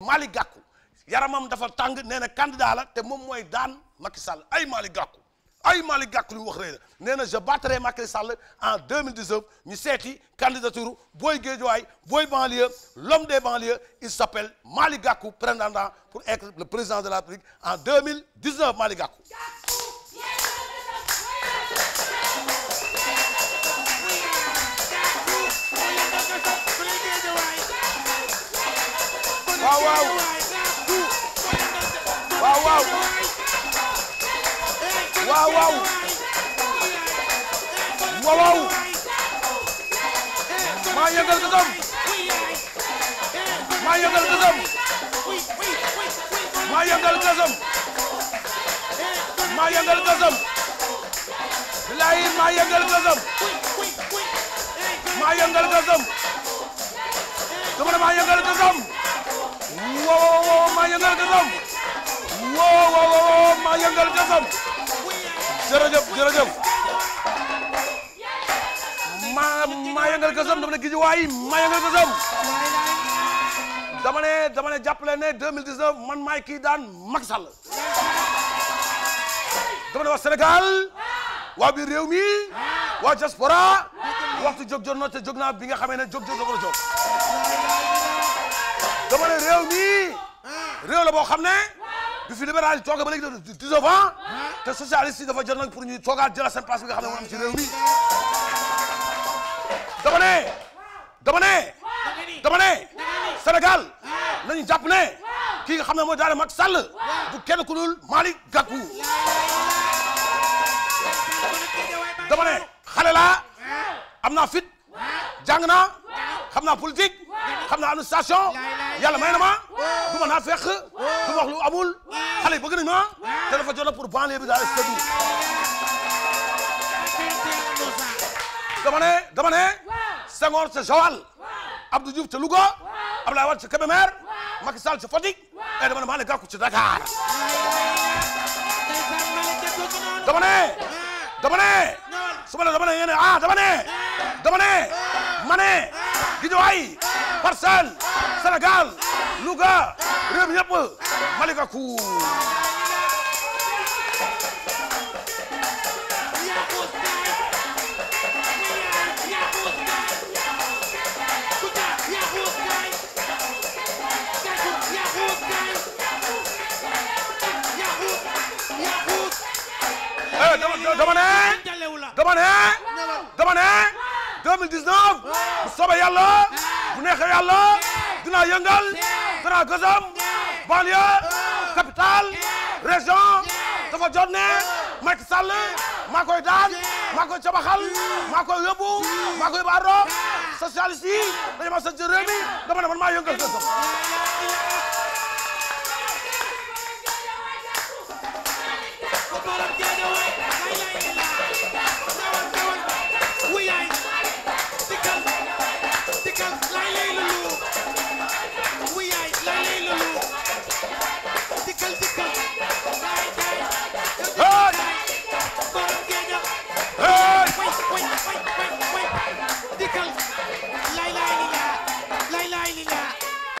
Malick Gakou yaramam dafa tàng nee na candidat la te moom mooy daan Macky Sall ay mali Gakou ay mali Gakou lu mu wax rëy la nee na je battrai Macky Sall en 2019 ñu seeti candidature booy Guédiawaye booy banlieue l'homme des banlieues il s'appelle Malick Gakou prétendant pour être le président de la République en 2019 Malick Gakou waaw waaw waaw waaw waaw waaw waaw maa yëngal gësëm maa yëngal gësëm maa yëngal gësëm maa yëngal gësëm bilaay maa yëngal gësëm maa yëngal gësëm yëngal cosaan jërëjëf jërëjëf maa maa ne gis man maay kii daan Macky Sall dama ne waa Sénégal waa biir réew mi waa diaspora waxtu jóg jot te jóg naa bi nga xamee ne jóg jóg la dama ne réew mi réew la boo xam ne. bi fi libéral toogee ba léegi de dix-neuf ans ah. te socialiste yi dafa jël nag pour ñu toogaat jëlaat seen place bi nga xam am ci réew mi dama Sénégal nañu jàpp ne kii nga xam ne mooy daane Sall bu kenn ku dul Malick Gakou dama ne am naa fit jàng naa xam naa politique xam naa administration yàlla may na ma du ma naa fekk du amul xale yi bëgg nañ ma ah? téléphone jot na pour bi daal sëdu dama Senghor ca Joal Abdou Diouf ca Louga Abdoulaye Wade ca Kébémer Macky Sall ca Fatick e dama ne Dakar dama ne dama ne su ma la dama ne yéen ah dama ne dama ne ma Malika Kuu eh, dama ne dama ne dama ne 2019 bu soobee yàlla bu neexee yàlla dinaa yëngal dinaa gësam banlieue capitale région dafa jot ne Macky Sall daan maa koy cabaxal maa koy yóbbu maa koy baaroo ma sant réew mi dama ne man maa